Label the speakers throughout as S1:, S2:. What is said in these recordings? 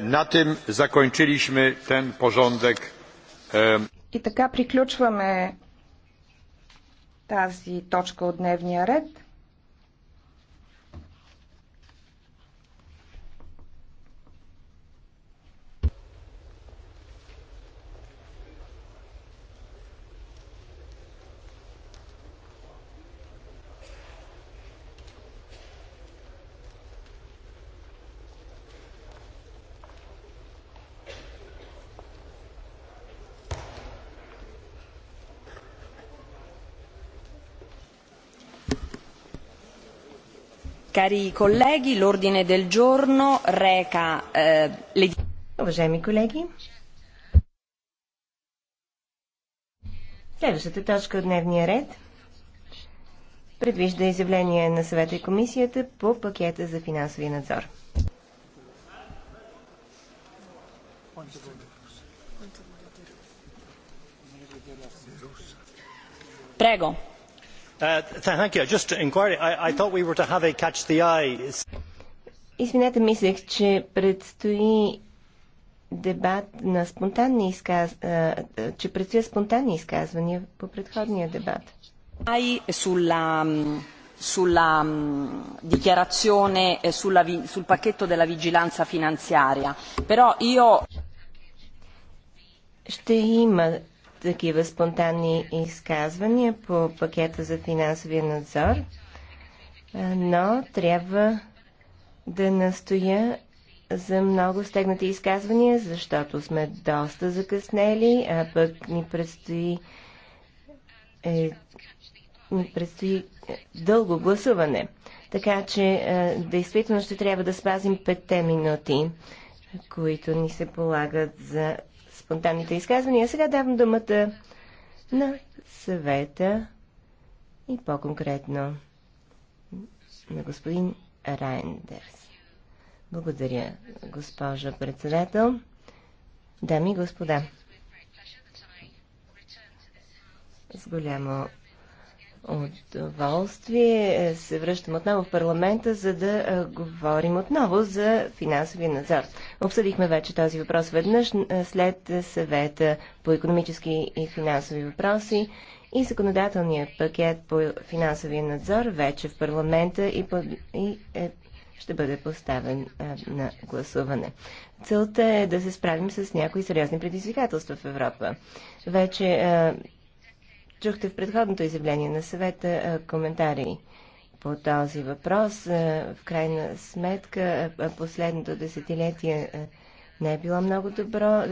S1: На тем закончилишме тен порządek. И така приключваме тази точка от дневния ред. Cari colleghi, l'ordine del giorno reca eh, le... Уважаеми колеги,
S2: следващата точка от дневния ред предвижда изявление на съвета и комисията по пакета за финансови надзор.
S3: Прего. Uh, uh,
S2: Извинете, мислех, че предстои дебат на спонтанни изказ... че предстои спонтанни изказвания по предходния дебат.
S1: sulla dichiarazione е, sul pacchetto della vigilanza finanziaria.
S2: Però io... Ще има такива спонтанни изказвания по пакета за финансовия надзор, но трябва да настоя за много стегнати изказвания, защото сме доста закъснели, а пък ни предстои, е, ни предстои дълго гласуване. Така че, е, действително ще трябва да спазим петте минути, които ни се полагат за спонтанните изказвания. Сега давам думата на съвета и по-конкретно на господин Райндерс. Благодаря, госпожа председател. Дами и господа, с голямо удоволствие е, се връщам отново в парламента, за да е, говорим отново за финансови надзор. Обсъдихме вече този въпрос веднъж е, след съвета по економически и финансови въпроси и законодателният пакет по финансовия надзор вече в парламента и, под... и е... ще бъде поставен на гласуване. Целта е да се справим с някои сериозни предизвикателства в Европа. Вече е чухте в предходното изявление на съвета коментари по този въпрос. В крайна сметка, последното десетилетие не е било много добро.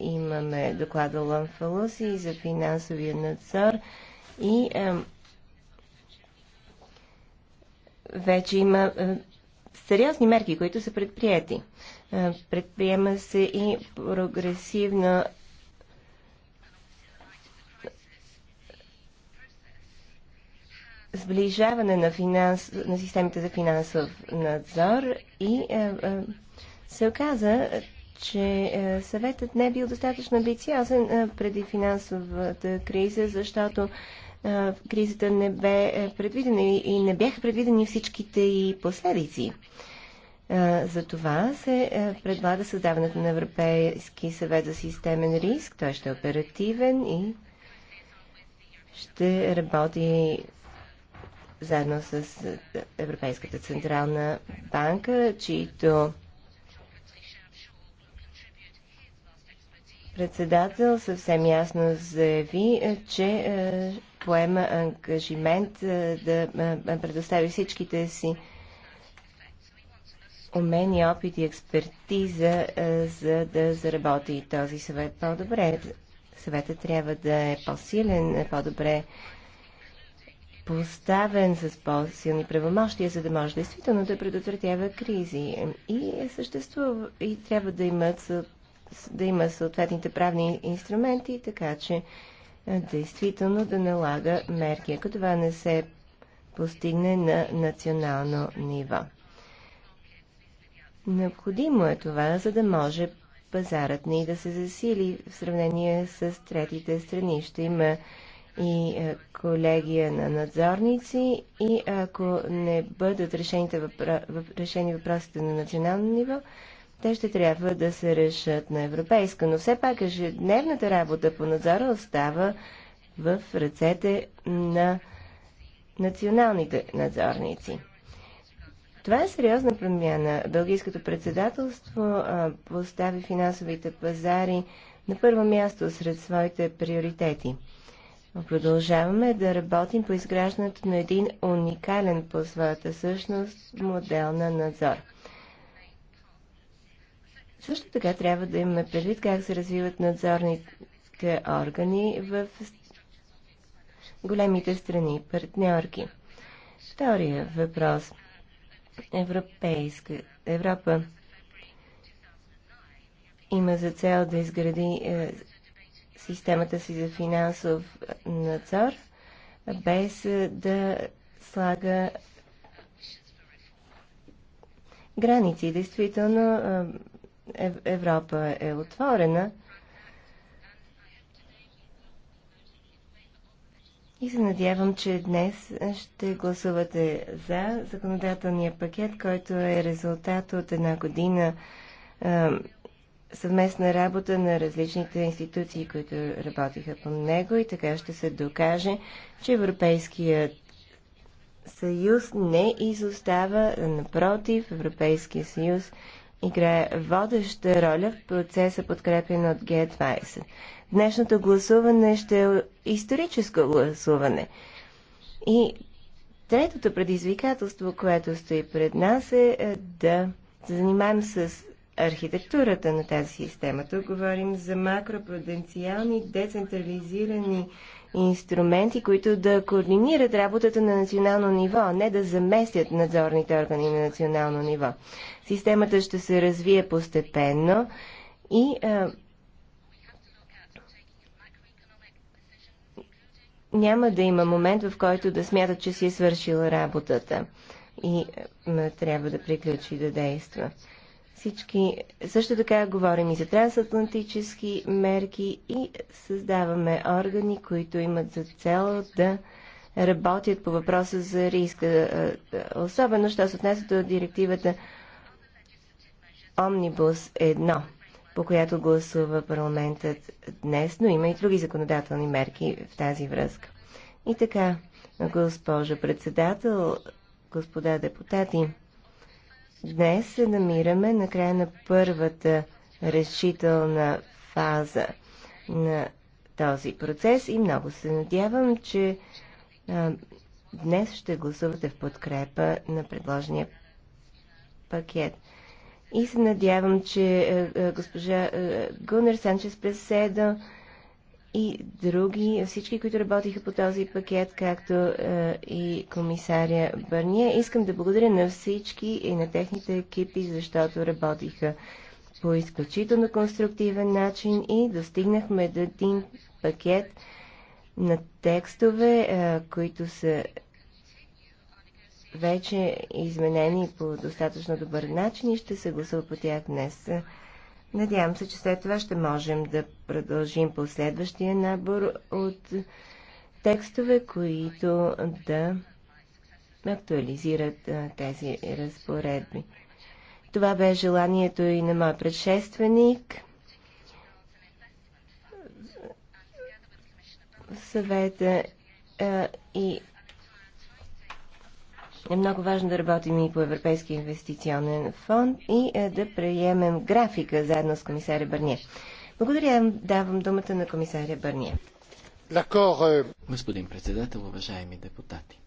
S2: Имаме доклада Ланфалуси за финансовия надзор и вече има сериозни мерки, които са предприяти. Предприема се и прогресивна сближаване на, финанс, на системите за финансов надзор и а, е, а, е, се оказа, че а, е, съветът не е бил достатъчно амбициозен а, преди финансовата криза, защото а, кризата не бе предвидена и не бяха предвидени всичките и последици. За това се предлага създаването на Европейски съвет за системен риск. Той ще е оперативен и ще работи заедно с Европейската централна банка, чието председател съвсем ясно заяви, че е, поема ангажимент е, да е, предостави всичките си умения, опит и експертиза, за да заработи този съвет по-добре. Съветът трябва да е по-силен, по-добре поставен с по-силни правомощия, за да може действително да предотвратява кризи. И съществува и трябва да, имат, да има съответните правни инструменти, така че е, действително да налага мерки, ако това не се постигне на национално ниво. Необходимо е това, за да може пазарът ни да се засили в сравнение с третите страни. Ще има и е, колегия на надзорници и ако не бъдат въпра... решени въпросите на национално ниво, те ще трябва да се решат на европейска. Но все пак ежедневната работа по надзора остава в ръцете на националните надзорници. Това е сериозна промяна. Белгийското председателство а, постави финансовите пазари на първо място сред своите приоритети – Продължаваме да работим по изграждането на един уникален по своята същност модел на надзор. Също така трябва да имаме предвид как се развиват надзорните органи в големите страни партньорки. Втория въпрос. Европейска Европа има за цел да изгради е, системата си за финансов надзор, без да слага граници. Действително Европа е отворена и се надявам, че днес ще гласувате за законодателния пакет, който е резултат от една година съвместна работа на различните институции, които работиха по него и така ще се докаже, че Европейският съюз не изостава, напротив, Европейския съюз играе водеща роля в процеса подкрепен от Г-20. Днешното гласуване ще е историческо гласуване. И третото предизвикателство, което стои пред нас е, е да се занимаем с архитектурата на тази система. Тук говорим за макропруденциални, децентрализирани инструменти, които да координират работата на национално ниво, а не да заместят надзорните органи на национално ниво. Системата ще се развие постепенно и а, няма да има момент, в който да смятат, че си е свършила работата и а, трябва да приключи да действа. Всички също така говорим и за трансатлантически мерки и създаваме органи, които имат за цел да работят по въпроса за риска. Е, е, особено, що се отнася до директивата Омнибус 1, по която гласува парламентът днес, но има и други законодателни мерки в тази връзка. И така, госпожо председател, господа депутати, Днес се намираме на края на първата решителна фаза на този процес и много се надявам, че а, днес ще гласувате в подкрепа на предложения пакет. И се надявам, че а, госпожа а, Гунер Санчес преседа и други, всички, които работиха по този пакет, както е, и комисаря Бърния. Искам да благодаря на всички и на техните екипи, защото работиха по изключително конструктивен начин и достигнахме до един пакет на текстове, е, които са вече изменени по достатъчно добър начин и ще се гласува по тях днес. Надявам се, че след това ще можем да продължим последващия набор от текстове, които да актуализират тези разпоредби. Това бе желанието и на моя предшественик. Съвета и е много важно да работим и по Европейския инвестиционен фонд и е, да приемем графика заедно с комисаря Бърния. Благодаря. Давам думата на комисаря Бърния.
S3: Е. Господин председател, уважаеми депутати.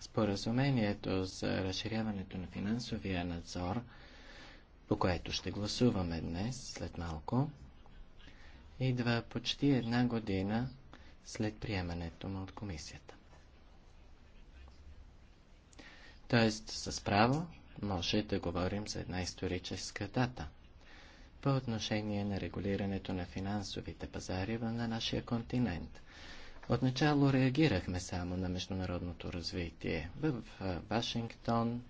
S3: Споразумението за разширяването на финансовия надзор, по което ще гласуваме днес, след малко, идва почти една година след приемането му от комисията. Тоест, с право може да говорим за една историческа дата. По отношение на регулирането на финансовите пазари на нашия континент. Отначало реагирахме само на международното развитие. В Вашингтон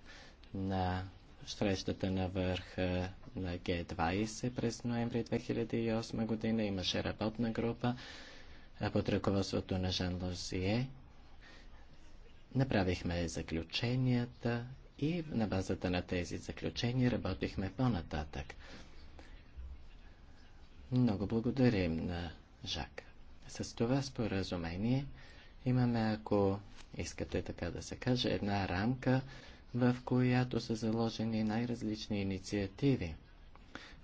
S3: на срещата на върха на Г-20 през ноември 2008 година имаше работна група под ръководството на Жан Лозие, Направихме заключенията и на базата на тези заключения работихме по-нататък. Много благодарим на Жак. С това споразумение имаме, ако искате така да се каже, една рамка, в която са заложени най-различни инициативи,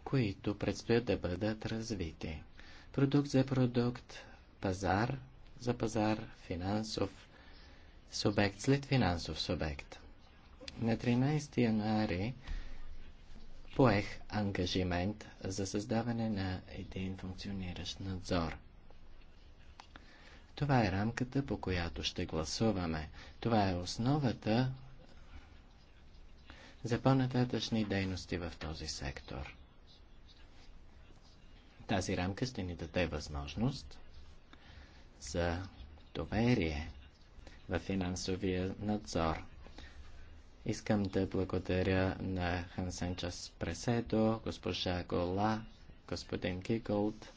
S3: които предстоят да бъдат развити. Продукт за продукт, пазар за пазар, финансов субект след финансов субект. На 13 януари поех ангажимент за създаване на един функциониращ надзор. Това е рамката, по която ще гласуваме. Това е основата за по-нататъчни дейности в този сектор. Тази рамка ще ни даде възможност за доверие в финансовия надзор. Искам да благодаря на Хансенчас Преседо, госпожа Гола, господин Киголд,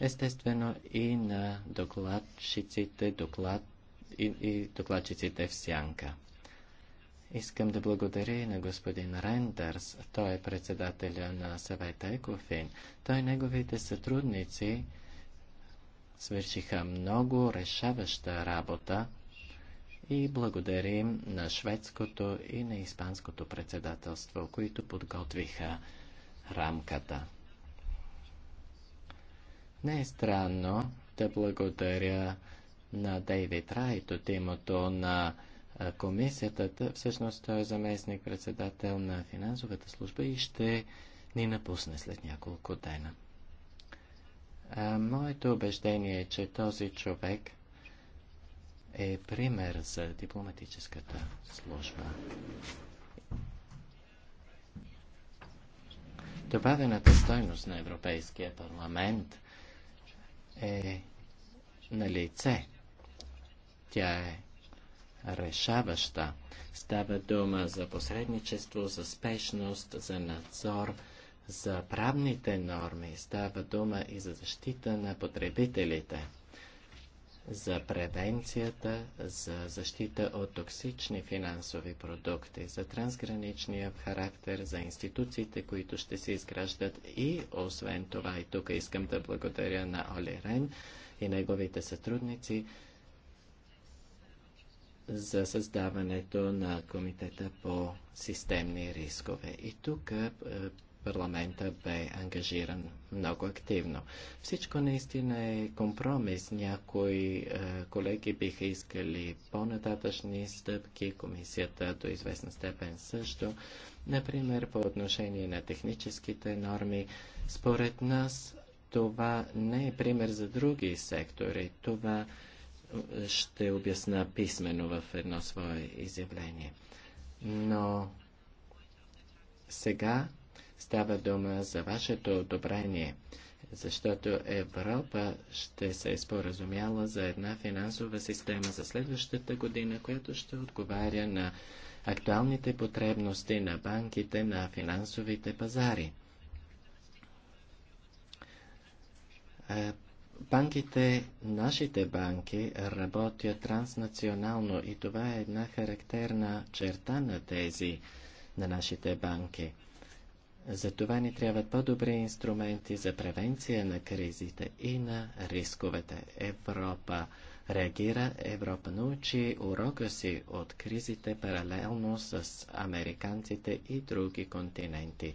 S3: естествено и на докладчиците, доклад, и, и докладчиците в Сянка. Искам да благодаря и на господин Рендърс, той е председателя на съвета Екофин. Той и неговите сътрудници свършиха много решаваща работа и благодарим на шведското и на испанското председателство, които подготвиха рамката. Не е странно да благодаря на Дейвид Райт от името на комисията. Всъщност той е заместник председател на финансовата служба и ще ни напусне след няколко дена. Моето убеждение е, че този човек е пример за дипломатическата служба. Добавената стойност на Европейския парламент е на лице. Тя е решаваща. Става дума за посредничество, за спешност, за надзор – за правните норми, става дума и за защита на потребителите, за превенцията, за защита от токсични финансови продукти, за трансграничния характер, за институциите, които ще се изграждат и освен това, и тук искам да благодаря на Оли Рен и неговите сътрудници, за създаването на Комитета по системни рискове. И тук е, парламента бе ангажиран много активно. Всичко наистина е компромис. Някои е, колеги биха искали по-нататъчни стъпки, комисията до известна степен също. Например, по отношение на техническите норми, според нас това не е пример за други сектори. Това ще обясна писменно в едно свое изявление. Но сега Става дума за вашето одобрение, защото Европа ще се е споразумяла за една финансова система за следващата година, която ще отговаря на актуалните потребности на банките на финансовите пазари. Банките, нашите банки работят транснационално и това е една характерна черта на тези, на нашите банки. Затова ни трябват по-добри инструменти за превенция на кризите и на рисковете. Европа реагира, Европа научи урока си от кризите паралелно с американците и други континенти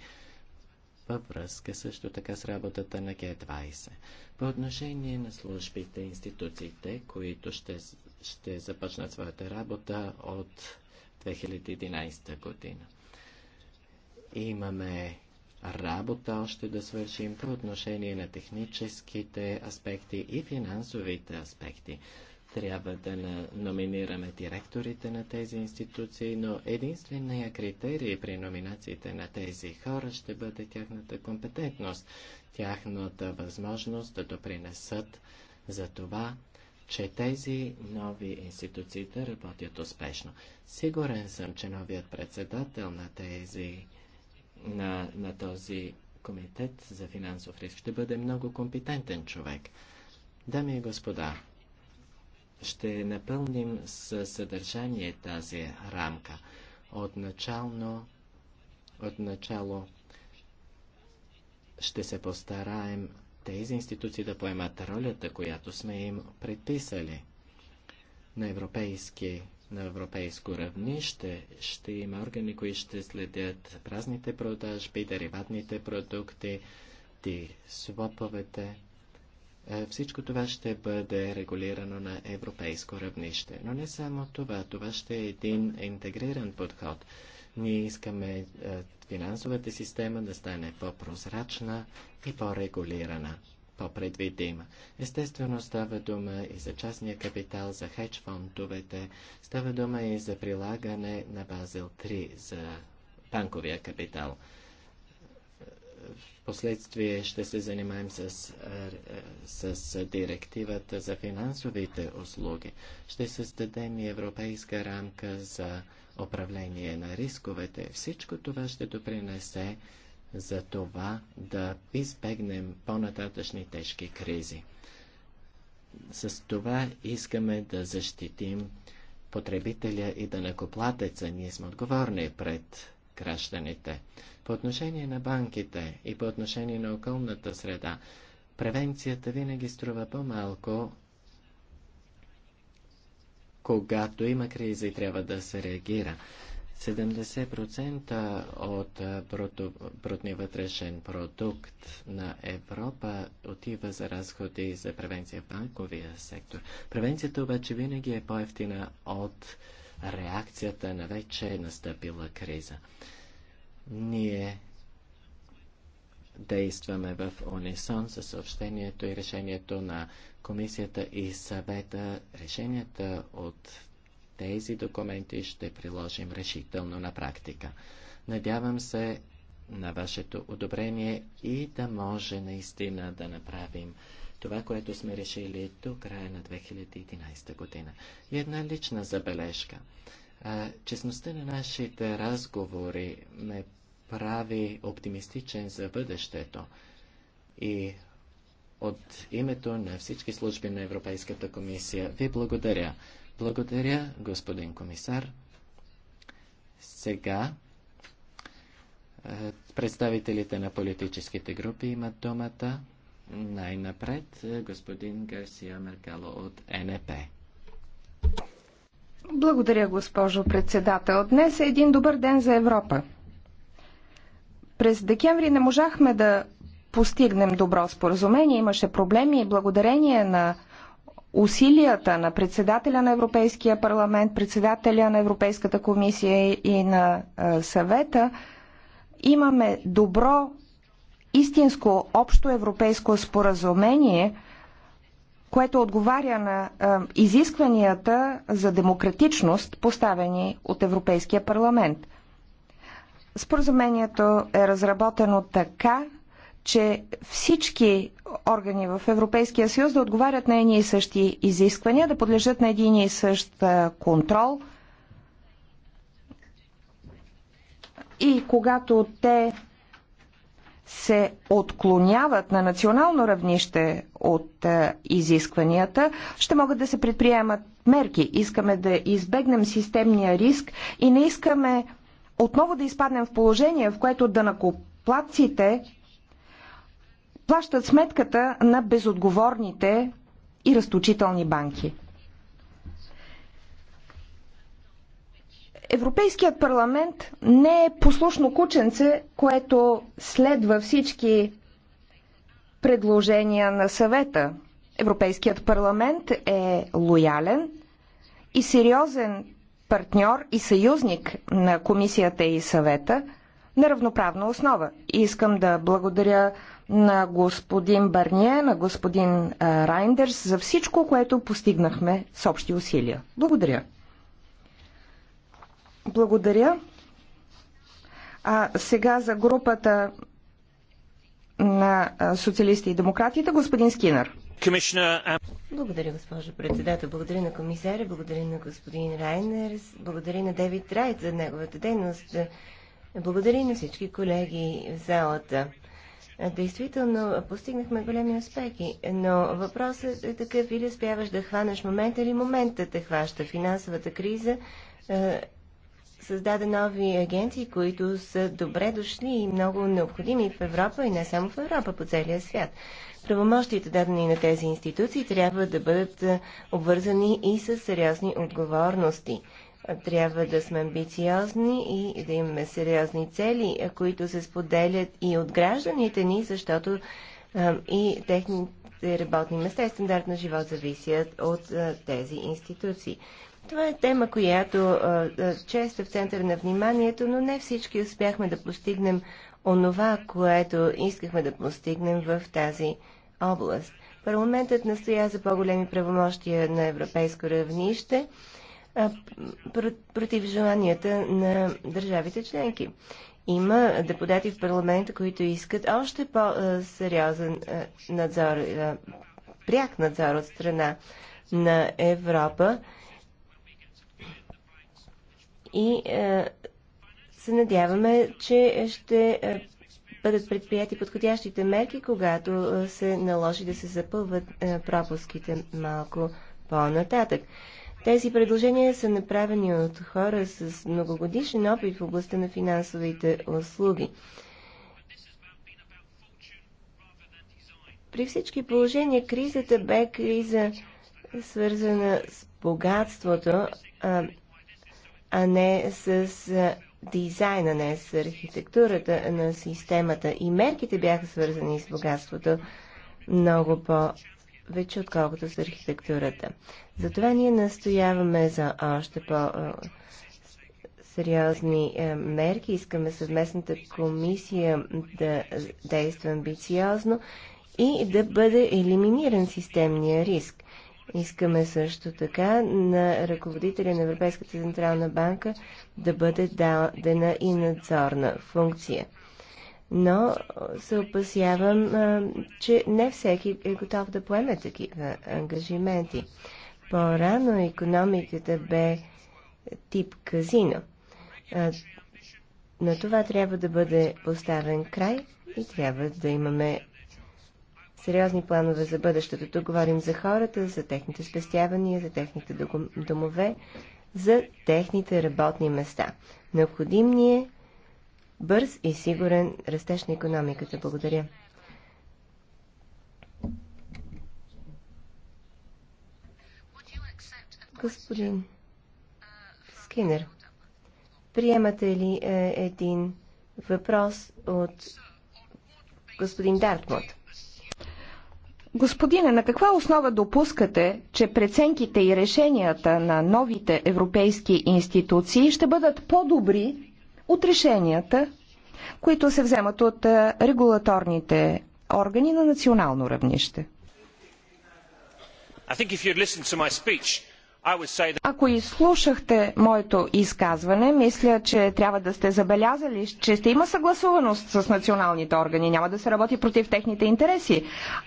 S3: във връзка също така с работата на Г-20. По отношение на службите, институциите, които ще, ще започнат своята работа от 2011 година. Имаме работа още да свършим по отношение на техническите аспекти и финансовите аспекти. Трябва да номинираме директорите на тези институции, но единствения критерий при номинациите на тези хора ще бъде тяхната компетентност, тяхната възможност да допринесат за това, че тези нови институции да работят успешно. Сигурен съм, че новият председател на тези на, на този комитет за финансов риск. Ще бъде много компетентен човек. Дами и господа, ще напълним със съдържание тази рамка. Отначално, отначало ще се постараем тези институции да поемат ролята, която сме им предписали на европейски на европейско равнище. Ще има органи, които ще следят празните продажби, дериватните продукти, ти своповете. Е, всичко това ще бъде регулирано на европейско равнище. Но не само това, това ще е един интегриран подход. Ние искаме е, финансовата система да стане по-прозрачна и по-регулирана по предвидим Естествено става дума и за частния капитал, за хедж фондовете, става дума и за прилагане на Базел 3 за банковия капитал. В последствие ще се занимаем с, с директивата за финансовите услуги. Ще създадем и европейска рамка за управление на рисковете. Всичко това ще допринесе за това да избегнем по-нататъчни тежки кризи. С това искаме да защитим потребителя и да накоплатеца. Ние сме отговорни пред гражданите. По отношение на банките и по отношение на околната среда, превенцията винаги струва по-малко, когато има криза и трябва да се реагира. 70% от брутния вътрешен продукт на Европа отива за разходи за превенция в банковия сектор. Превенцията обаче винаги е по-ефтина от реакцията на вече настъпила криза. Ние действаме в унисон със съобщението и решението на комисията и съвета. Решенията от тези документи ще приложим решително на практика. Надявам се на вашето одобрение и да може наистина да направим това, което сме решили до края на 2011 година. И една лична забележка. честността на нашите разговори ме прави оптимистичен за бъдещето. И от името на всички служби на Европейската комисия ви благодаря. Благодаря, господин комисар. Сега е, представителите на политическите групи имат думата. Най-напред е, господин Гарсия Меркало от НП.
S1: Благодаря, госпожо председател. Днес е един добър ден за Европа. През декември не можахме да постигнем добро споразумение. Имаше проблеми и благодарение на усилията на председателя на Европейския парламент, председателя на Европейската комисия и на съвета, имаме добро истинско общо европейско споразумение, което отговаря на изискванията за демократичност, поставени от Европейския парламент. Споразумението е разработено така, че всички органи в Европейския съюз да отговарят на едни и същи изисквания, да подлежат на един и същ контрол. И когато те се отклоняват на национално равнище от изискванията, ще могат да се предприемат мерки. Искаме да избегнем системния риск и не искаме отново да изпаднем в положение, в което да накоплаците плащат сметката на безотговорните и разточителни банки. Европейският парламент не е послушно кученце, което следва всички предложения на съвета. Европейският парламент е лоялен и сериозен партньор и съюзник на комисията и съвета на равноправна основа. И искам да благодаря на господин Барния, на господин Райндерс за всичко, което постигнахме с общи усилия. Благодаря. Благодаря. А сега за групата на социалисти и демократите, господин Скинър. Um,
S2: благодаря, госпожо председател. Благодаря на комисаря, благодаря на господин Райнер, благодаря на Девид Райт за неговата дейност. Благодаря на всички колеги в залата. Действително, постигнахме големи успехи, но въпросът е такъв, или успяваш да хванеш момента, или момента те хваща. Финансовата криза е, създаде нови агенции, които са добре дошли и много необходими в Европа и не само в Европа, по целия свят. Правомощите, дадени на тези институции, трябва да бъдат е, обвързани и с сериозни отговорности. Трябва да сме амбициозни и да имаме сериозни цели, които се споделят и от гражданите ни, защото и техните работни места и стандарт на живот зависят от тези институции. Това е тема, която често е в центъра на вниманието, но не всички успяхме да постигнем онова, което искахме да постигнем в тази област. Парламентът настоя за по-големи правомощия на европейско равнище против желанията на държавите членки. Има депутати в парламента, които искат още по-сериозен надзор, пряк надзор от страна на Европа и се надяваме, че ще бъдат предприяти подходящите мерки, когато се наложи да се запълват пропуските малко по-нататък. Тези предложения са направени от хора с многогодишен опит в областта на финансовите услуги. При всички положения кризата бе криза свързана с богатството, а, а не с дизайна, не с архитектурата на системата. И мерките бяха свързани с богатството много по вече отколкото с архитектурата. Затова ние настояваме за още по- сериозни е, мерки. Искаме съвместната комисия да действа амбициозно и да бъде елиминиран системния риск. Искаме също така на ръководителя на Европейската централна банка да бъде дадена и надзорна функция но се опасявам, че не всеки е готов да поеме такива ангажименти. По-рано економиката бе тип казино. На това трябва да бъде поставен край и трябва да имаме сериозни планове за бъдещето. Тук говорим за хората, за техните спестявания, за техните домове, за техните работни места. Необходим ни е бърз и сигурен растеж на економиката. Благодаря. Господин Скинер, приемате ли е, един въпрос
S1: от господин Дартмут? Господине, на каква основа допускате, че преценките и решенията на новите европейски институции ще бъдат по-добри от решенията, които се вземат от регулаторните органи на национално равнище. Speech, Ако изслушахте моето изказване, мисля, че трябва да сте забелязали, че ще има съгласуваност с националните органи, няма да се работи против техните интереси.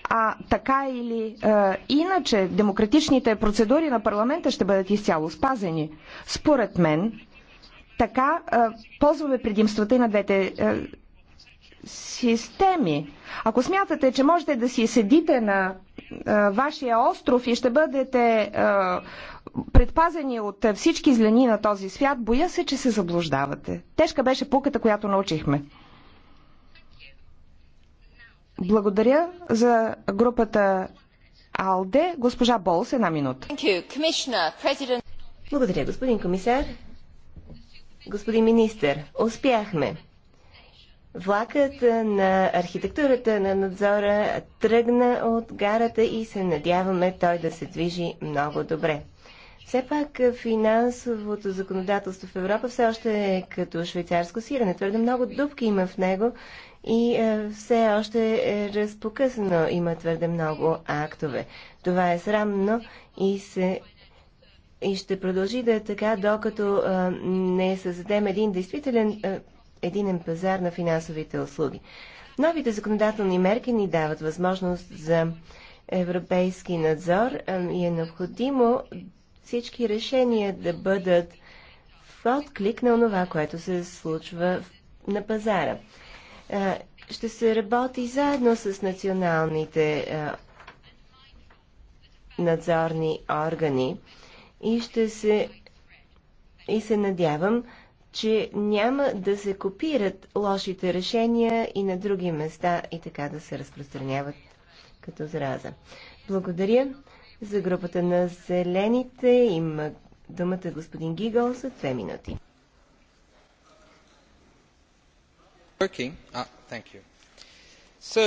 S1: А така или е, иначе, демократичните процедури на парламента ще бъдат изцяло спазени. Според мен, така ползваме предимствата и на двете системи. Ако смятате, че можете да си седите на а, вашия остров и ще бъдете а, предпазени от всички злени на този свят, боя се, че се заблуждавате. Тежка беше пуката, която научихме. Благодаря за групата АЛДЕ. Госпожа Болс, една минута. Благодаря, господин комисар. Господин министр, успяхме.
S2: Влакът на архитектурата на надзора тръгна от гарата и се надяваме той да се движи много добре. Все пак финансовото законодателство в Европа все още е като швейцарско сирене. Твърде много дупки има в него и все още е разпокъсано. Има твърде много актове. Това е срамно и се и ще продължи да е така, докато а, не създадем един действителен а, единен пазар на финансовите услуги. Новите законодателни мерки ни дават възможност за европейски надзор а, и е необходимо всички решения да бъдат в отклик на това, което се случва в, на пазара. А, ще се работи заедно с националните а, надзорни органи и ще се и се надявам, че няма да се копират лошите решения и на други места и така да се разпространяват като зараза. Благодаря за групата на зелените. Има думата господин Гигъл за две минути.
S1: Working. Ah, thank you. So,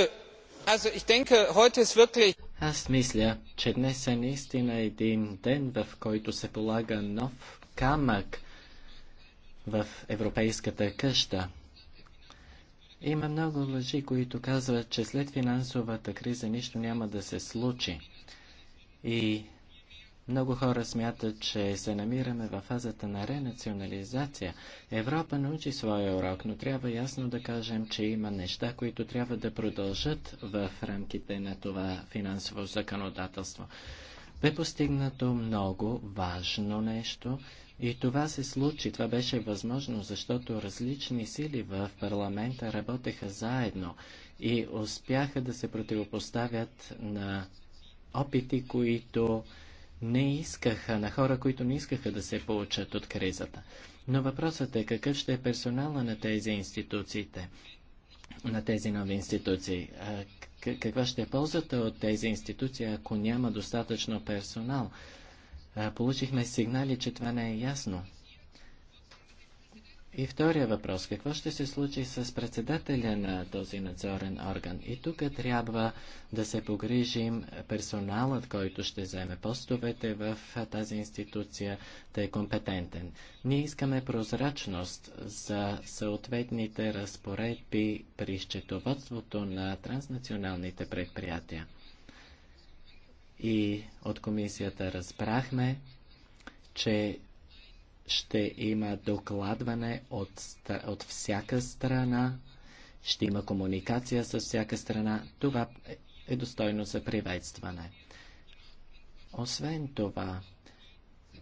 S1: also ich denke, heute ist wirklich
S3: аз мисля, че днес е наистина един ден, в който се полага нов камък в европейската къща. Има много лъжи, които казват, че след финансовата криза нищо няма да се случи. И много хора смятат, че се намираме в фазата на ренационализация. Европа научи своя урок, но трябва ясно да кажем, че има неща, които трябва да продължат в рамките на това финансово законодателство. Бе постигнато много важно нещо и това се случи. Това беше възможно, защото различни сили в парламента работеха заедно и успяха да се противопоставят на опити, които не искаха, на хора, които не искаха да се получат от кризата. Но въпросът е какъв ще е персонала на тези институциите, на тези нови институции. Каква ще е ползата от тези институции, ако няма достатъчно персонал? Получихме сигнали, че това не е ясно. И втория въпрос. Какво ще се случи с председателя на този надзорен орган? И тук трябва да се погрижим персоналът, който ще вземе постовете в тази институция, да е компетентен. Ние искаме прозрачност за съответните разпоредби при счетоводството на транснационалните предприятия. И от комисията разбрахме, че ще има докладване от, от всяка страна, ще има комуникация с всяка страна. Това е достойно за приветстване. Освен това,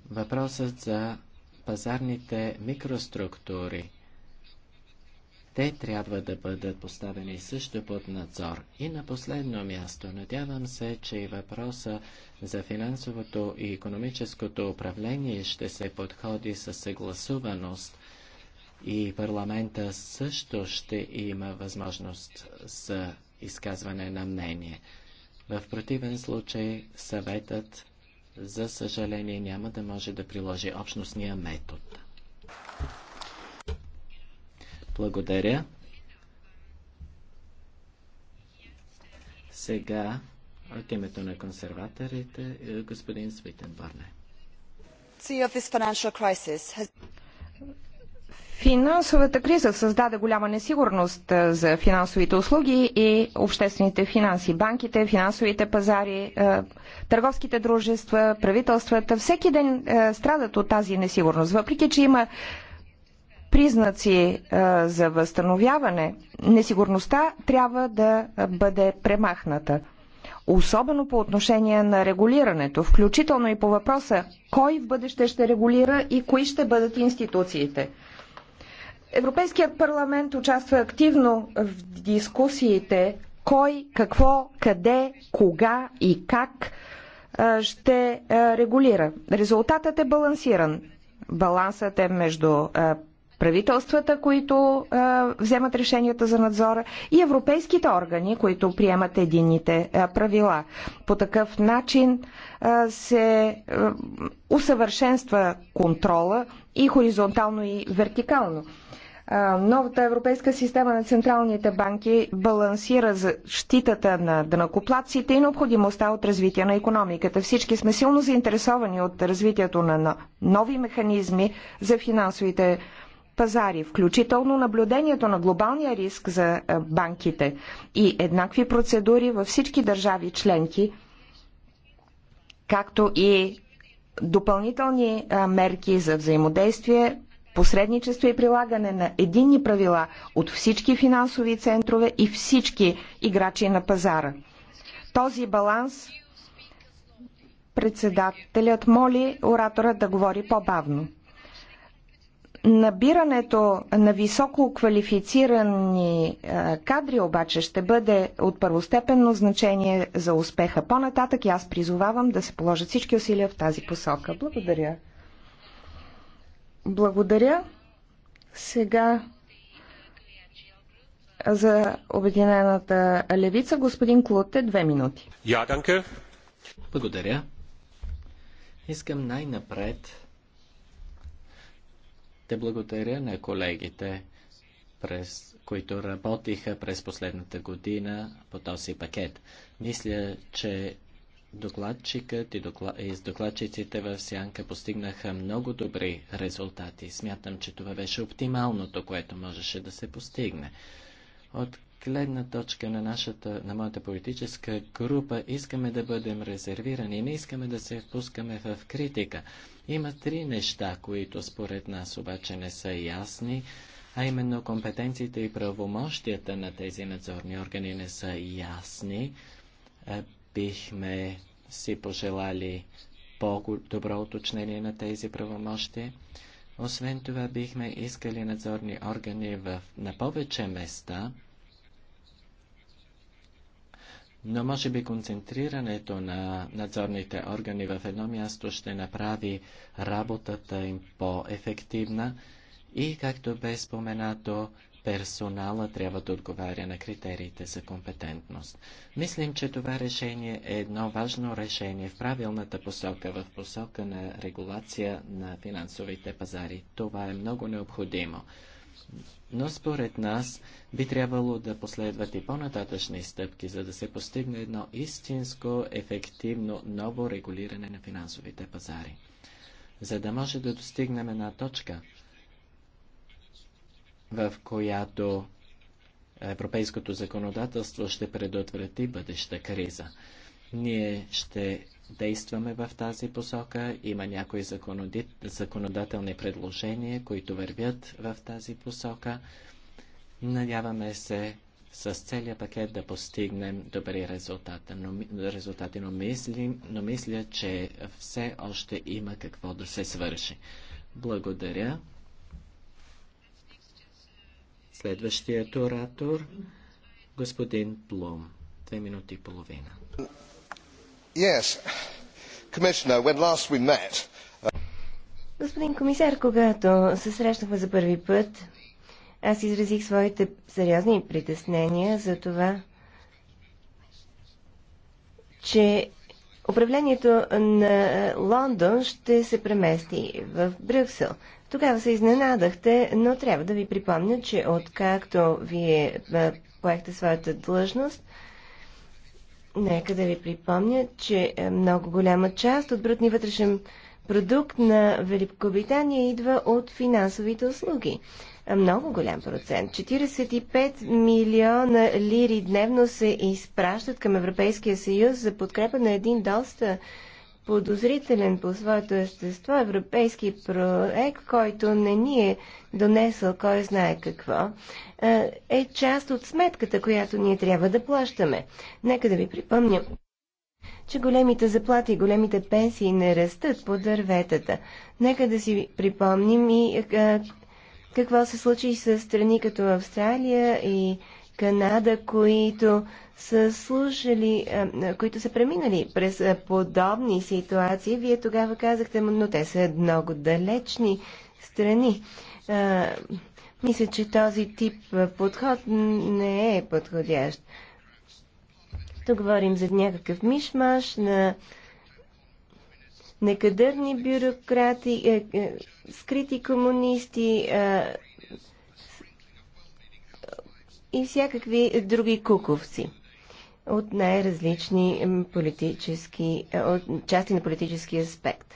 S3: въпросът за пазарните микроструктури те трябва да бъдат поставени също под надзор. И на последно място, надявам се, че и въпроса за финансовото и економическото управление ще се подходи със съгласуваност и парламента също ще има възможност за изказване на мнение. В противен случай съветът, за съжаление, няма да може да приложи общностния метод. Благодаря. Сега от името на консерваторите е, господин Свитен Барне.
S1: Финансовата криза създаде голяма несигурност е, за финансовите услуги и обществените финанси. Банките, финансовите пазари, е, търговските дружества, правителствата всеки ден страдат от тази несигурност. Въпреки, че има признаци е, за възстановяване, несигурността трябва да бъде премахната. Особено по отношение на регулирането, включително и по въпроса кой в бъдеще ще регулира и кои ще бъдат институциите. Европейският парламент участва активно в дискусиите кой, какво, къде, кога и как е, ще е, регулира. Резултатът е балансиран. Балансът е между правителствата, които а, вземат решенията за надзора и европейските органи, които приемат единните а, правила. По такъв начин а, се а, усъвършенства контрола и хоризонтално и вертикално. А, новата европейска система на централните банки балансира защитата на дънакоплаците и необходимостта от развитие на економиката. Всички сме силно заинтересовани от развитието на нови механизми за финансовите пазари, включително наблюдението на глобалния риск за е, банките и еднакви процедури във всички държави членки, както и допълнителни е, мерки за взаимодействие, посредничество и прилагане на единни правила от всички финансови центрове и всички играчи на пазара. Този баланс председателят моли оратора да говори по-бавно. Набирането на високо квалифицирани е, кадри обаче ще бъде от първостепенно значение за успеха. По-нататък и аз призовавам да се положат всички усилия в тази посока. Благодаря. Благодаря. Сега за Обединената левица господин Клуте, две минути.
S3: Благодаря. Искам най-напред да благодаря на колегите, през, които работиха през последната година по този пакет. Мисля, че докладчикът и, доклад... и докладчиците в Сянка постигнаха много добри резултати. Смятам, че това беше оптималното, което можеше да се постигне. От гледна точка на, нашата, на моята политическа група искаме да бъдем резервирани, не искаме да се впускаме в критика. Има три неща, които според нас обаче не са ясни, а именно компетенциите и правомощията на тези надзорни органи не са ясни. Е, бихме си пожелали по-добро уточнение на тези правомощия. Освен това бихме искали надзорни органи в, на повече места но може би концентрирането на надзорните органи в едно място ще направи работата им по-ефективна и, както бе споменато, персонала трябва да отговаря на критериите за компетентност. Мислим, че това решение е едно важно решение в правилната посока, в посока на регулация на финансовите пазари. Това е много необходимо. Но според нас би трябвало да последват и по-нататъчни стъпки, за да се постигне едно истинско, ефективно, ново регулиране на финансовите пазари. За да може да достигнем една точка, в която европейското законодателство ще предотврати бъдеща криза. Ние ще действаме в тази посока. Има някои законодателни предложения, които вървят в тази посока. Надяваме се с целият пакет да постигнем добри резултати. Но, резултати, но, мисли, но мисля, че все още има какво да се свърши. Благодаря. Следващият оратор, господин Плум. Две минути и половина. Uh,
S2: Господин комисар, когато се срещнахме за първи път, аз изразих своите сериозни притеснения за това, че управлението на Лондон ще се премести в Брюксел. Тогава се изненадахте, но трябва да ви припомня, че откакто вие поехте своята длъжност, Нека да ви припомня, че е, много голяма част от брутни вътрешен продукт на Великобритания идва от финансовите услуги. Е, много голям процент. 45 милиона лири дневно се изпращат към Европейския съюз за подкрепа на един доста подозрителен по своето естество европейски проект, който не ни е донесъл кой знае какво, е част от сметката, която ние трябва да плащаме. Нека да ви припомня, че големите заплати и големите пенсии не растат по дърветата. Нека да си припомним и какво се случи с страни като Австралия и Канада, които са слушали, които са преминали през подобни ситуации, вие тогава казахте, но те са много далечни страни. Мисля, че този тип подход не е подходящ. Тук говорим за някакъв мишмаш на некадърни бюрократи, е, е, скрити комунисти е, и всякакви други куковци от най-различни политически, е, от части на политическия аспект.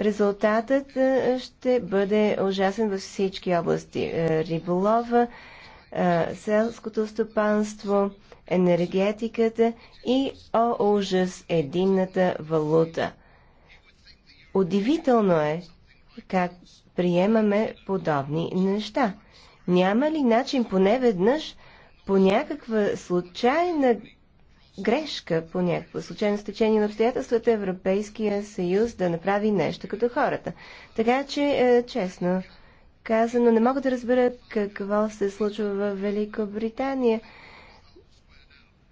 S2: Резултатът е, ще бъде ужасен във всички области. Е, риболова, селското стопанство, енергетиката и, о ужас, единната валута. Удивително е как приемаме подобни неща. Няма ли начин поне веднъж по някаква случайна грешка по някакво случайно стечение на обстоятелствата Европейския съюз да направи нещо като хората. Така че, е, честно казано, не мога да разбера какво се случва в Великобритания.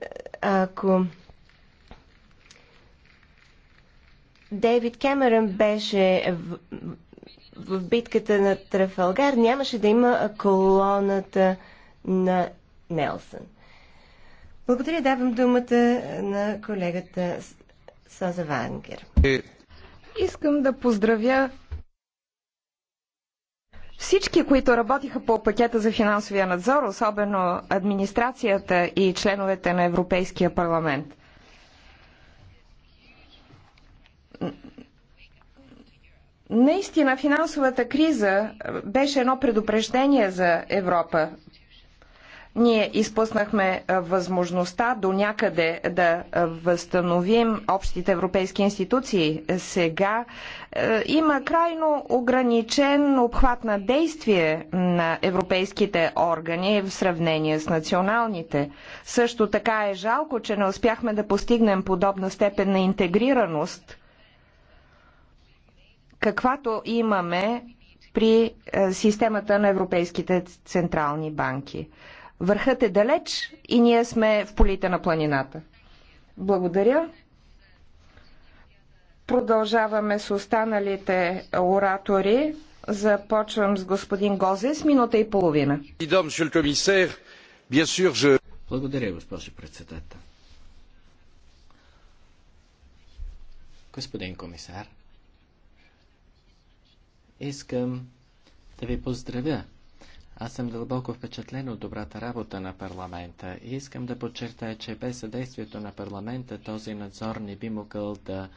S2: Е, ако Дейвид Кемерън беше в, в битката на Трафалгар, нямаше да има колоната на Нелсън. Благодаря, давам думата на колегата
S1: Соза Вангер. Искам да поздравя всички, които работиха по пакета за финансовия надзор, особено администрацията и членовете на Европейския парламент. Наистина финансовата криза беше едно предупреждение за Европа. Ние изпуснахме възможността до някъде да възстановим общите европейски институции. Сега има крайно ограничен обхват на действие на европейските органи в сравнение с националните. Също така е жалко, че не успяхме да постигнем подобна степен на интегрираност, каквато имаме при системата на европейските централни банки. Върхът е далеч и ние сме в полите на планината. Благодаря. Продължаваме с останалите оратори. Започвам с господин Гозе с минута и половина.
S3: Благодаря, госпожо председател. Господин комисар, искам да ви поздравя аз съм дълбоко впечатлен от добрата работа на парламента и искам да подчертая, че без съдействието на парламента този надзор не би могъл да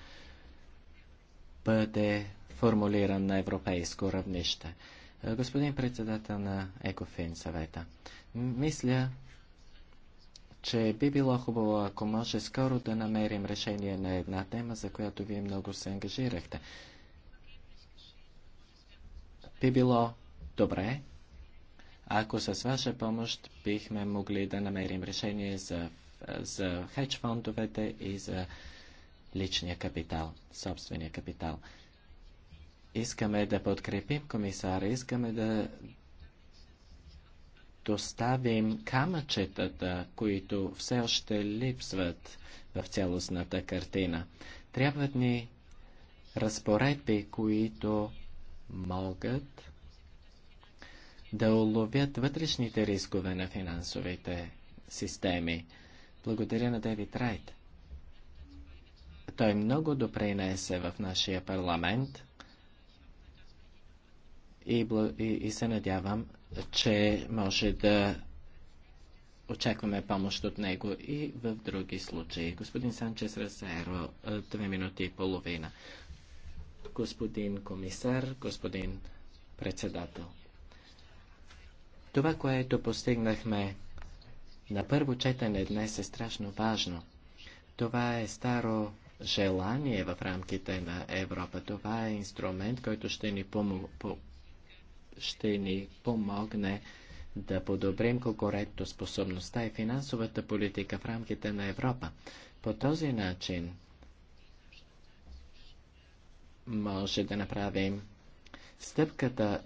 S3: бъде формулиран на европейско равнище. Е, господин председател на Екофин съвета, мисля, че би било хубаво, ако може скоро да намерим решение на една тема, за която вие много се ангажирахте. Би било добре, ако с ваша помощ бихме могли да намерим решение за, за хедж фондовете и за личния капитал, собствения капитал. Искаме да подкрепим комисара, искаме да доставим камъчетата, които все още липсват в цялостната картина. Трябват ни разпоредби, които могат да уловят вътрешните рискове на финансовите системи. Благодаря на Девит Райт. Той много допринесе в нашия парламент и, и, и се надявам, че може да очакваме помощ от него и в други случаи. Господин Санчес Расеро, е, две минути и половина. Господин комисар, господин председател. Това, което постигнахме на първо четене днес е страшно важно. Това е старо желание в рамките на Европа. Това е инструмент, който ще ни, пом- по... ще ни помогне да подобрим конкурентоспособността и финансовата политика в рамките на Европа. По този начин може да направим стъпката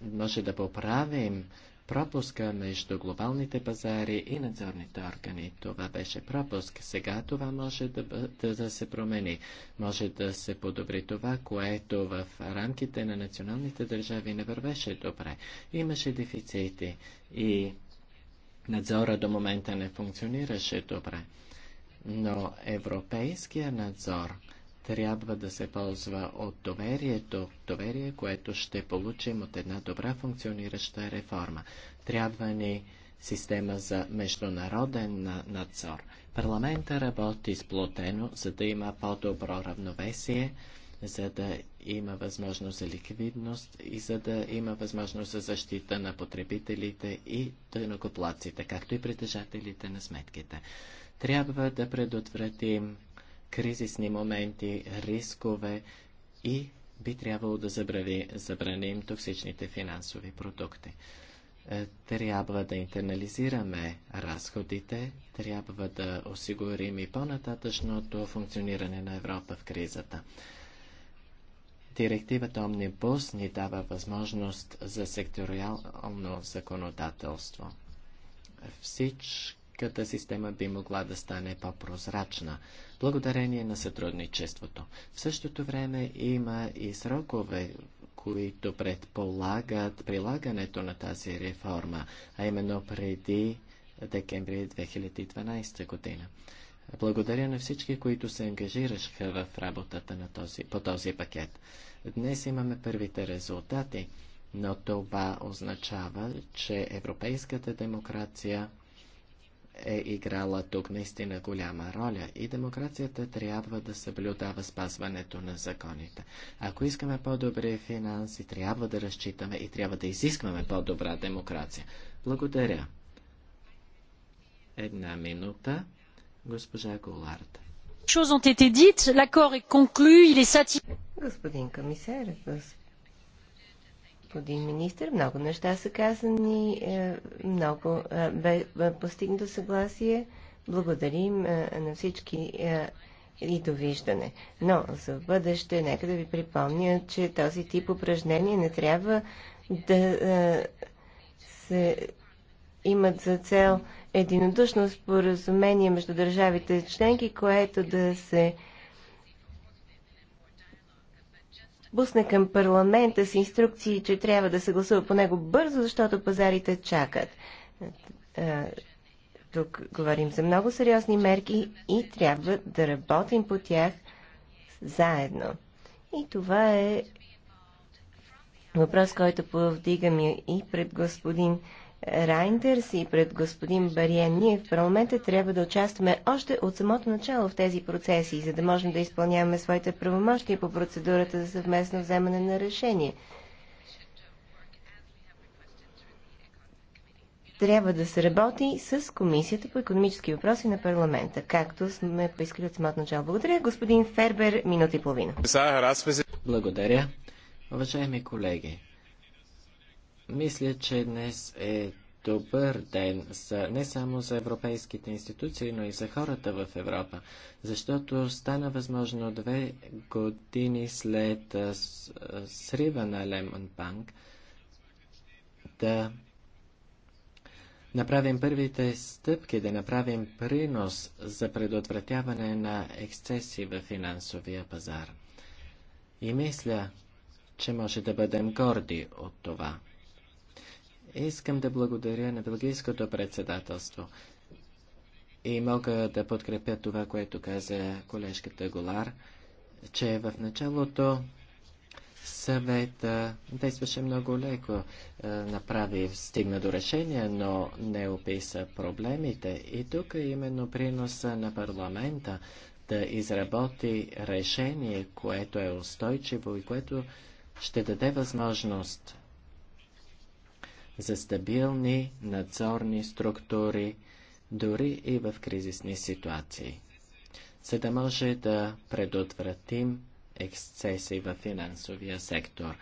S3: може да поправим пропуска между глобалните пазари и надзорните органи. Това беше пропуск. Сега това може да, да, да се промени. Може да се подобри това, което в рамките на националните държави не вървеше добре. Имаше дефицити и надзора до момента не функционираше добре. Но европейския надзор – трябва да се ползва от доверието, доверие, което ще получим от една добра функционираща реформа. Трябва ни система за международен надзор. Парламента работи сплотено, за да има по-добро равновесие, за да има възможност за ликвидност и за да има възможност за защита на потребителите и тънокоплаците, както и притежателите на сметките. Трябва да предотвратим кризисни моменти, рискове и би трябвало да забрави, забраним токсичните финансови продукти. Е, трябва да интернализираме разходите, трябва да осигурим и по-нататъчното функциониране на Европа в кризата. Директивата Омнибус ни дава възможност за секториално законодателство. Всички Европейската система би могла да стане по-прозрачна, благодарение на сътрудничеството. В същото време има и срокове, които предполагат прилагането на тази реформа, а именно преди декември 2012 година. Благодаря на всички, които се ангажираха в работата на този, по този пакет. Днес имаме първите резултати, но това означава, че европейската демокрация е играла тук наистина голяма роля и демокрацията трябва да съблюдава спазването на законите. Ако искаме по-добри финанси, трябва да разчитаме и трябва да изискваме по-добра демокрация. Благодаря. Една минута. Госпожа Голард.
S2: Господин комисар, господин министр. Много неща са казани, е, много е, бе постигнато съгласие. Благодарим е, на всички и довиждане. Но за бъдеще, нека да ви припомня, че този тип упражнения не трябва да се имат за цел единодушно споразумение между държавите членки, което да се Пусне към парламента с инструкции, че трябва да се гласува по него бързо, защото пазарите чакат. Е, тук говорим за много сериозни мерки и трябва да работим по тях заедно. И това е въпрос, който повдигам и пред господин Райндерс и пред господин Бариен, Ние в парламента трябва да участваме още от самото начало в тези процеси, за да можем да изпълняваме своите правомощия по процедурата за съвместно вземане на решение. Трябва да се работи с Комисията по економически въпроси на парламента, както сме поискали от самото начало. Благодаря, господин Фербер,
S3: минута и половина. Благодаря. Уважаеми колеги, мисля, че днес е добър ден за, не само за европейските институции, но и за хората в Европа, защото стана възможно две години след срива на Лемон Банк да направим първите стъпки, да направим принос за предотвратяване на ексцеси в финансовия пазар. И мисля, че може да бъдем горди от това. Искам да благодаря на Белгийското председателство и мога да подкрепя това, което каза колежката Голар, че в началото съвета действаше много леко, е, направи, стигна до решение, но не описа проблемите. И тук е именно приноса на парламента да изработи решение, което е устойчиво и което ще даде възможност за стабилни надзорни структури, дори и в кризисни ситуации, за да може да предотвратим ексцеси в финансовия сектор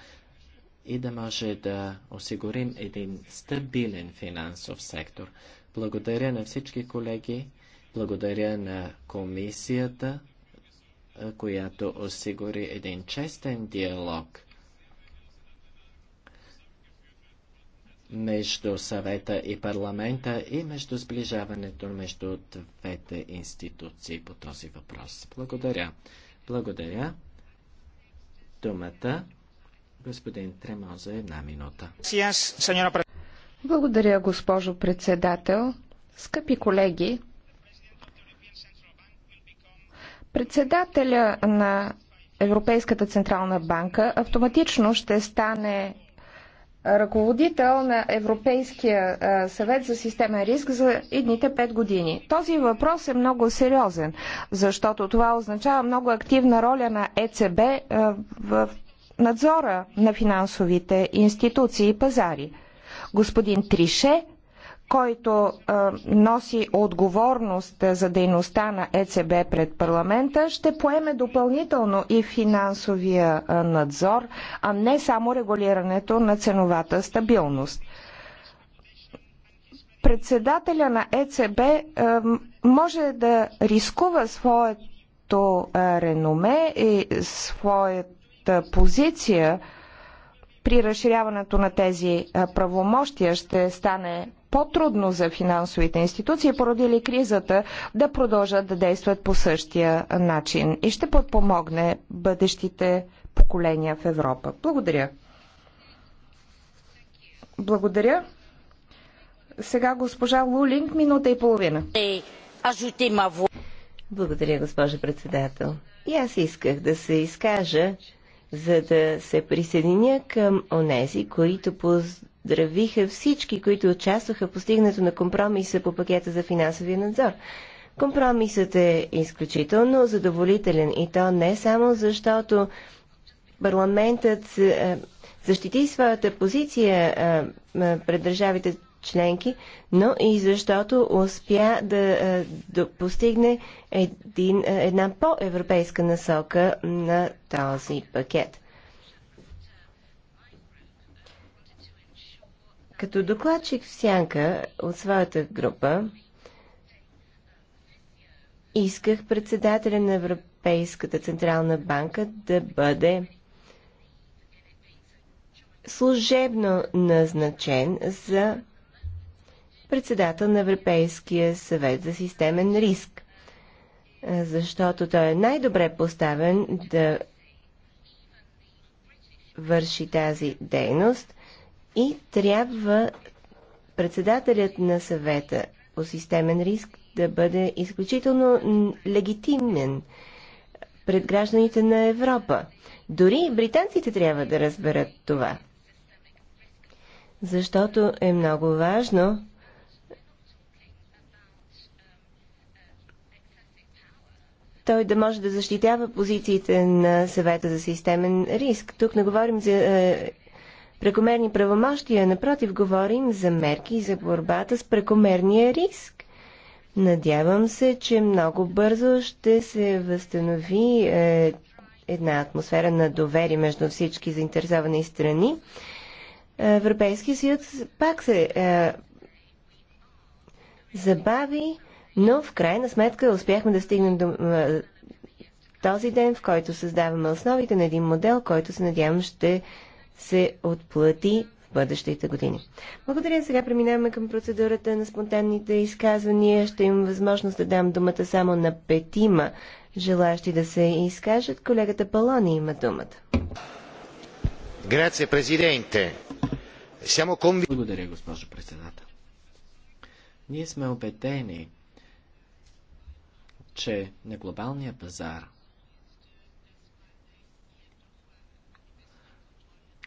S3: и да може да осигурим един стабилен финансов сектор. Благодаря на всички колеги, благодаря на комисията, която осигури един честен диалог между съвета и парламента и между сближаването между двете институции по този въпрос. Благодаря. Благодаря. Думата господин Тремон за една минута.
S1: Благодаря, госпожо председател. Скъпи колеги, председателя на Европейската централна банка автоматично ще стане ръководител на Европейския съвет за системен риск за едните 5 години. Този въпрос е много сериозен, защото това означава много активна роля на ЕЦБ в надзора на финансовите институции и пазари. Господин Трише който а, носи отговорност за дейността на ЕЦБ пред парламента, ще поеме допълнително и финансовия надзор, а не само регулирането на ценовата стабилност. Председателя на ЕЦБ а, може да рискува своето реноме и своята позиция при разширяването на тези правомощия ще стане по-трудно за финансовите институции, породили кризата, да продължат да действат по същия начин и ще подпомогне бъдещите поколения в Европа. Благодаря. Благодаря. Сега госпожа Лулинг, минута и половина. Благодаря, госпожа председател.
S2: И аз исках да се изкажа за да се присъединя към онези, които поздравиха всички, които участваха в постигнато на компромиса по пакета за финансовия надзор. Компромисът е изключително задоволителен и то не само защото парламентът е, защити своята позиция е, е, пред държавите членки, но и защото успя да, е, да постигне един, е, една по-европейска насока на този пакет. Като докладчик в сянка от своята група, исках председателя на Европейската Централна банка да бъде служебно назначен за председател на Европейския съвет за системен риск, защото той е най-добре поставен да върши тази дейност и трябва председателят на съвета по системен риск да бъде изключително легитимен пред гражданите на Европа. Дори британците трябва да разберат това. Защото е много важно той да може да защитява позициите на съвета за системен риск. Тук не говорим за е, прекомерни правомощия, напротив, говорим за мерки за борбата с прекомерния риск. Надявам се, че много бързо ще се възстанови е, една атмосфера на доверие между всички заинтересовани страни. Европейския съюз пак се е, забави но в крайна сметка успяхме да стигнем до е, този ден, в който създаваме основите на един модел, който се надявам ще се отплати в бъдещите години. Благодаря. Сега преминаваме към процедурата на спонтанните изказвания. Ще имам възможност да дам думата само на петима желащи да се изкажат. Колегата Палони има думата.
S3: Грация, президенте. Благодаря, госпожо председател. Ние сме убедени, че на глобалния пазар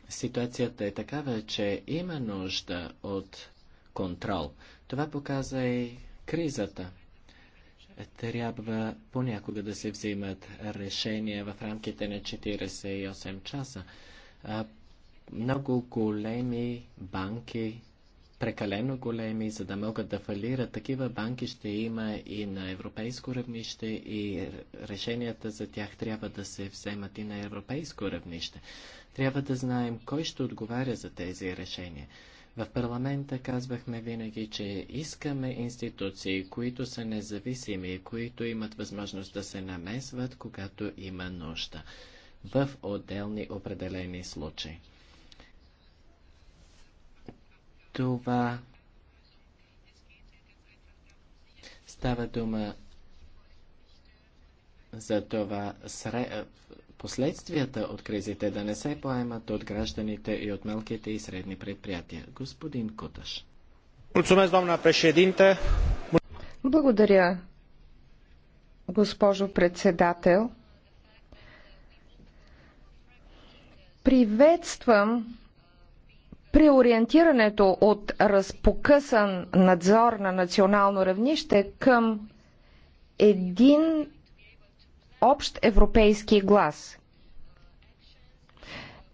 S3: ситуацията е такава, че има нужда от контрол. Това показа и кризата. Трябва понякога да се взимат решения в рамките на 48 часа. Много големи банки прекалено големи, за да могат да фалират. Такива банки ще има и на европейско равнище и решенията за тях трябва да се вземат и на европейско равнище. Трябва да знаем кой ще отговаря за тези решения. В парламента казвахме винаги, че искаме институции, които са независими, които имат възможност да се намесват, когато има нужда в отделни определени случаи. Това става дума за това сре... последствията от кризите да не се поемат от гражданите и от малките и средни предприятия. Господин Куташ.
S1: Благодаря, госпожо председател. Приветствам преориентирането от разпокъсан надзор на национално равнище към един общ европейски глас.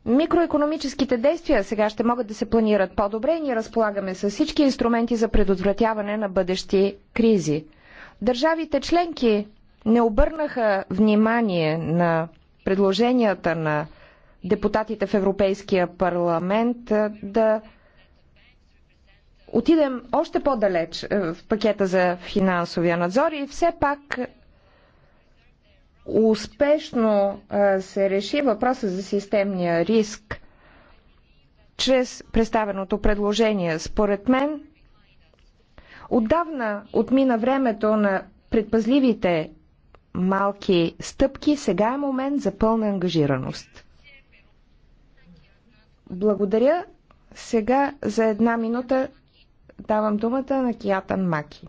S1: Микроекономическите действия сега ще могат да се планират по-добре и ние разполагаме с всички инструменти за предотвратяване на бъдещи кризи. Държавите членки не обърнаха внимание на предложенията на депутатите в Европейския парламент да отидем още по-далеч в пакета за финансовия надзор и все пак успешно се реши въпроса за системния риск чрез представеното предложение. Според мен, отдавна отмина времето на предпазливите малки стъпки, сега е момент за пълна ангажираност. Благодаря. Сега за една минута давам думата на Киатан Маки.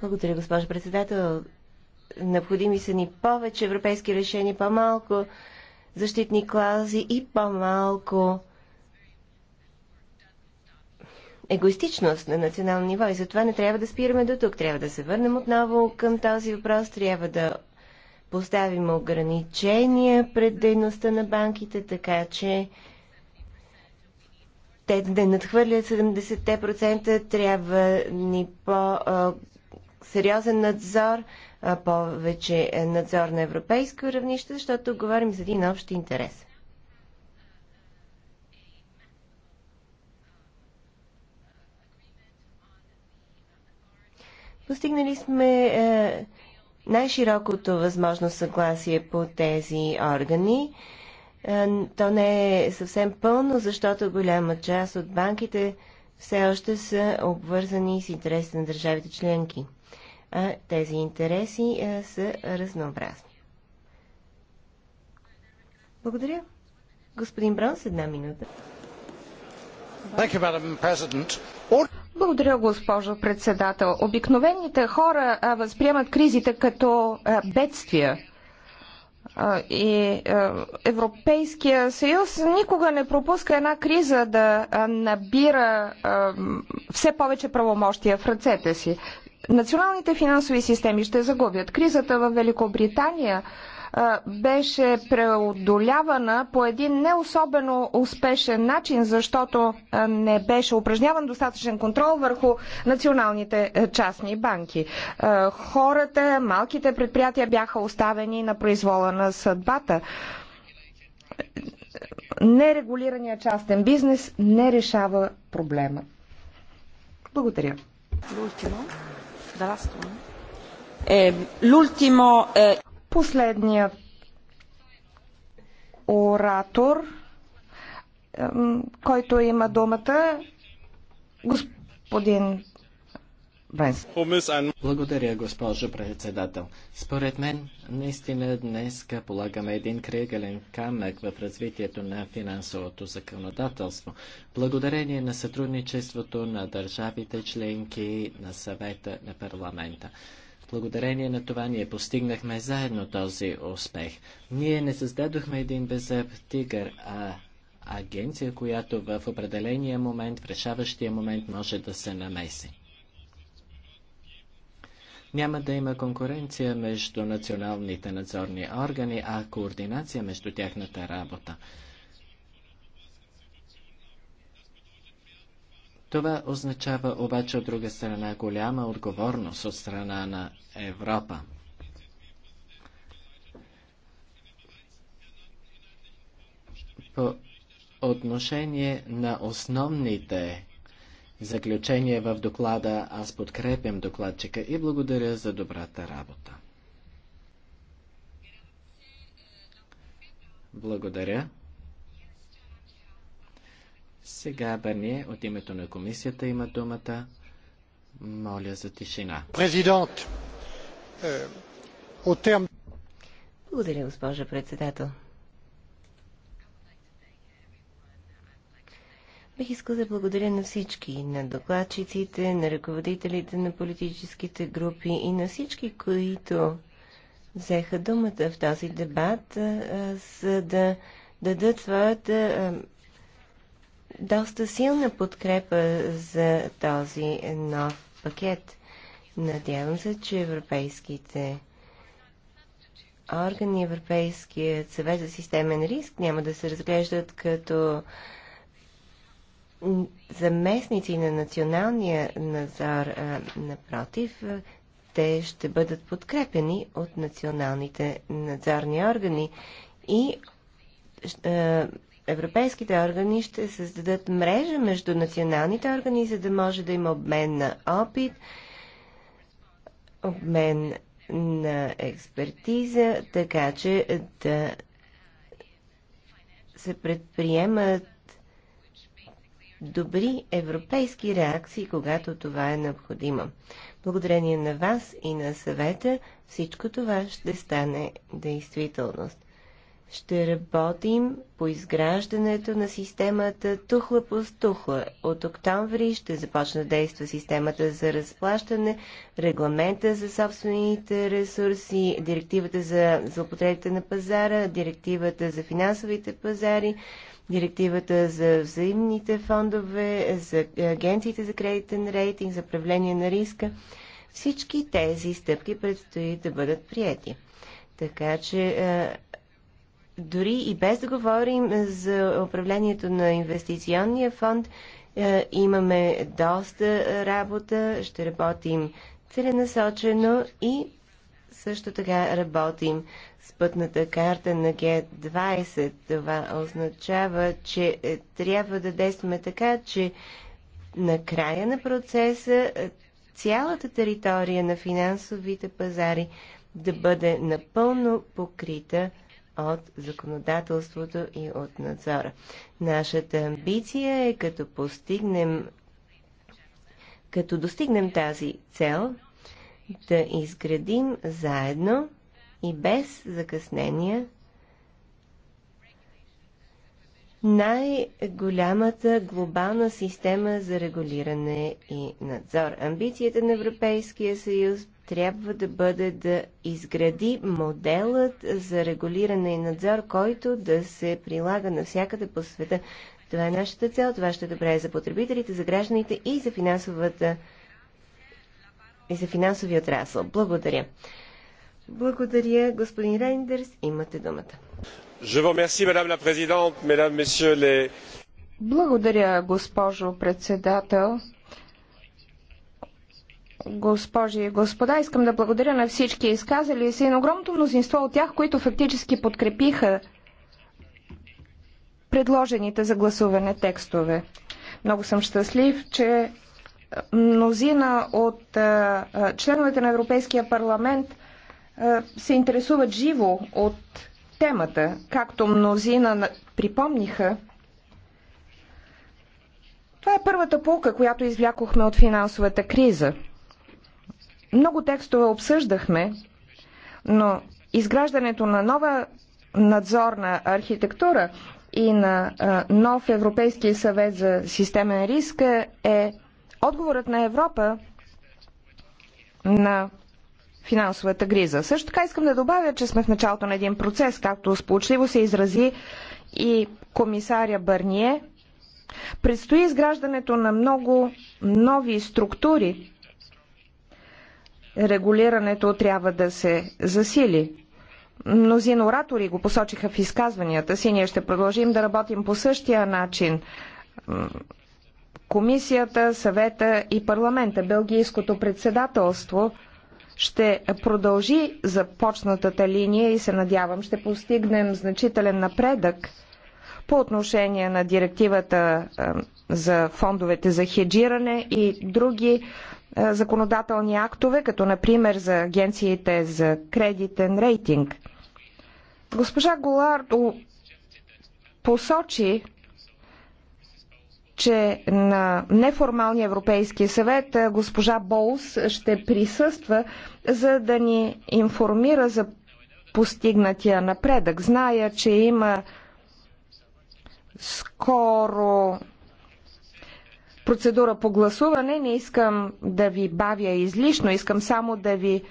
S2: Благодаря, госпожо председател. Необходими са ни повече европейски решения, по-малко защитни клаузи и по-малко егоистичност на национално ниво и затова не трябва да спираме до тук. Трябва да се върнем отново към този въпрос, трябва да поставим ограничения пред дейността на банките, така че те да надхвърлят 70%, трябва ни по-сериозен надзор, повече надзор на европейско равнище, защото говорим за един общ интерес. Постигнали сме е, най-широкото възможно съгласие по тези органи. Е, то не е съвсем пълно, защото голяма част от банките все още са обвързани с интересите на държавите членки. А тези интереси е, са разнообразни. Благодаря. Господин Бронс, една минута.
S1: Thank you, Madam President. Благодаря, госпожо председател. Обикновените хора а, възприемат кризите като а, бедствия. А, и Европейския съюз никога не пропуска една криза да набира все повече правомощия в ръцете си. Националните финансови системи ще загубят. Кризата в Великобритания беше преодолявана по един не особено успешен начин, защото не беше упражняван достатъчен контрол върху националните частни банки. Хората, малките предприятия бяха оставени на произвола на съдбата. Нерегулираният частен бизнес не решава проблема. Благодаря. L'ultimo, Последният оратор, който има думата, господин
S3: Бренс. Благодаря, госпожо председател. Според мен, наистина днес полагаме един кръгълен камък в развитието на финансовото законодателство. Благодарение на сътрудничеството на държавите членки, на съвета, на парламента. Благодарение на това ние постигнахме заедно този успех. Ние не създадохме един беззъб тигър, а агенция, която в определения момент, в решаващия момент може да се намеси. Няма да има конкуренция между националните надзорни органи, а координация между тяхната работа. Това означава обаче от друга страна голяма отговорност от страна на Европа. По отношение на основните заключения в доклада, аз подкрепям докладчика и благодаря за добрата работа. Благодаря. Сега Берние от името на комисията има думата. Моля за тишина. Президент, е, от тем...
S2: Благодаря, госпожа председател. Бих искал да благодаря на всички, на докладчиците, на ръководителите на политическите групи и на всички, които взеха думата в този дебат, е, за да дадат своята е, доста силна подкрепа за този нов пакет. Надявам се, че европейските органи, Европейският съвет за системен риск няма да се разглеждат като заместници на националния надзор. А, напротив, те ще бъдат подкрепени от националните надзорни органи и европейските органи ще създадат мрежа между националните органи, за да може да има обмен на опит, обмен на експертиза, така че да се предприемат добри европейски реакции, когато това е необходимо. Благодарение на вас и на съвета всичко това ще стане действителност. Ще работим по изграждането на системата тухла по тухла. От октомври ще започне да действа системата за разплащане, регламента за собствените ресурси, директивата за злопотребите на пазара, директивата за финансовите пазари, директивата за взаимните фондове, за агенциите за кредитен рейтинг, за правление на риска. Всички тези стъпки предстои да бъдат прияти. Така че дори и без да говорим за управлението на инвестиционния фонд, е, имаме доста работа, ще работим целенасочено и също така работим с пътната карта на Г20. Това означава, че е, трябва да действаме така, че на края на процеса е, цялата територия на финансовите пазари да бъде напълно покрита от законодателството и от надзора. Нашата амбиция е като постигнем като достигнем тази цел, да изградим заедно и без закъснения най-голямата глобална система за регулиране и надзор. Амбицията на Европейския съюз трябва да бъде да изгради моделът за регулиране и надзор, който да се прилага навсякъде по света. Това е нашата цел, това ще е добре е за потребителите, за гражданите и за финансовата и за финансовия отрасъл. Благодаря. Благодаря, господин Рейндърс. Имате думата. Je vous remercie, madame la présidente, mesdames, messieurs les...
S1: Благодаря, госпожо председател госпожи и господа. Искам да благодаря на всички изказали се и на огромното мнозинство от тях, които фактически подкрепиха предложените за гласуване текстове. Много съм щастлив, че мнозина от а, членовете на Европейския парламент а, се интересуват живо от темата, както мнозина припомниха. Това е първата полка, която извлякохме от финансовата криза – много текстове обсъждахме, но изграждането на нова надзорна архитектура и на нов Европейски съвет за системен риск е отговорът на Европа на финансовата гриза. Също така искам да добавя, че сме в началото на един процес, както сполучливо се изрази и комисаря Бърние. Предстои изграждането на много нови структури, регулирането трябва да се засили. Мнозин оратори го посочиха в изказванията си. Ние ще продължим да работим по същия начин. Комисията, съвета и парламента, Белгийското председателство ще продължи започнатата линия и се надявам ще постигнем значителен напредък по отношение на директивата за фондовете за хеджиране и други е, законодателни актове, като например за агенциите за кредитен рейтинг. Госпожа Голардо посочи, че на неформалния Европейски съвет е, госпожа Болс ще присъства, за да ни информира за постигнатия напредък. Зная, че има скоро процедура по гласуване. Не искам да ви бавя излишно, искам само да ви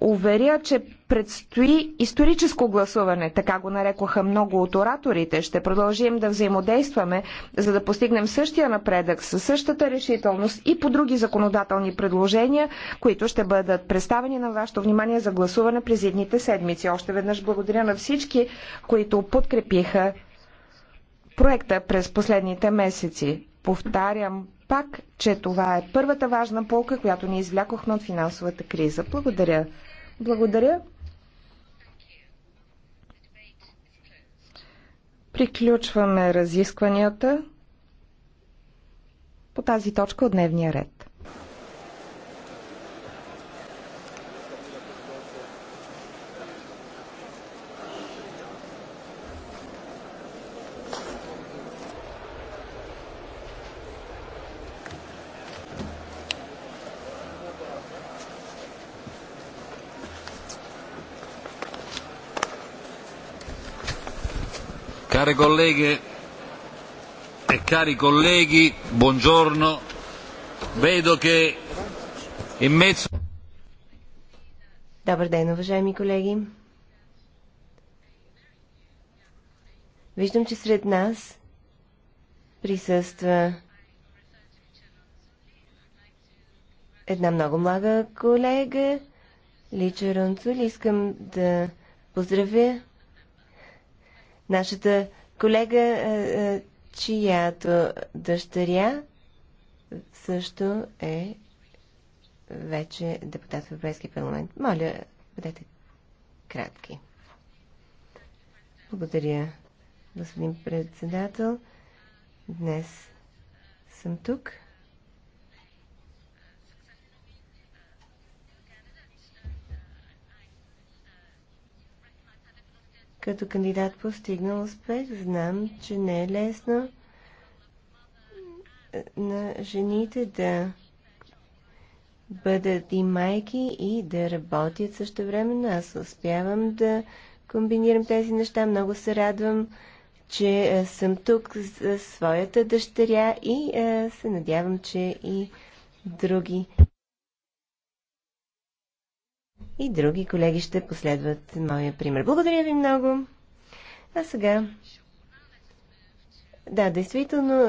S1: уверя, че предстои историческо гласуване, така го нарекоха много от ораторите. Ще продължим да взаимодействаме, за да постигнем същия напредък, със същата решителност и по други законодателни предложения, които ще бъдат представени на вашето внимание за гласуване през едните седмици. Още веднъж благодаря на всички, които подкрепиха проекта през последните месеци повтарям пак, че това е първата важна полка, която ни извлякохме от финансовата криза. Благодаря. Благодаря. Приключваме разискванията по тази точка от дневния ред.
S3: Care colleghe e cari colleghi, buongiorno. Vedo che in mezzo.
S2: Добър ден, уважаеми колеги. Виждам, че сред нас присъства една много млада колега, Лича Ронцул. Искам да поздравя Нашата колега, е, е, чиято дъщеря също е вече депутат в Европейския парламент. Моля, бъдете кратки. Благодаря, господин председател. Днес съм тук. като кандидат постигнал успех. Знам, че не е лесно на жените да бъдат и майки и да работят също времено. Аз успявам да комбинирам тези неща. Много се радвам, че е, съм тук за е, своята дъщеря и е, се надявам, че и други и други колеги ще последват моя пример. Благодаря ви много. А сега. Да, действително.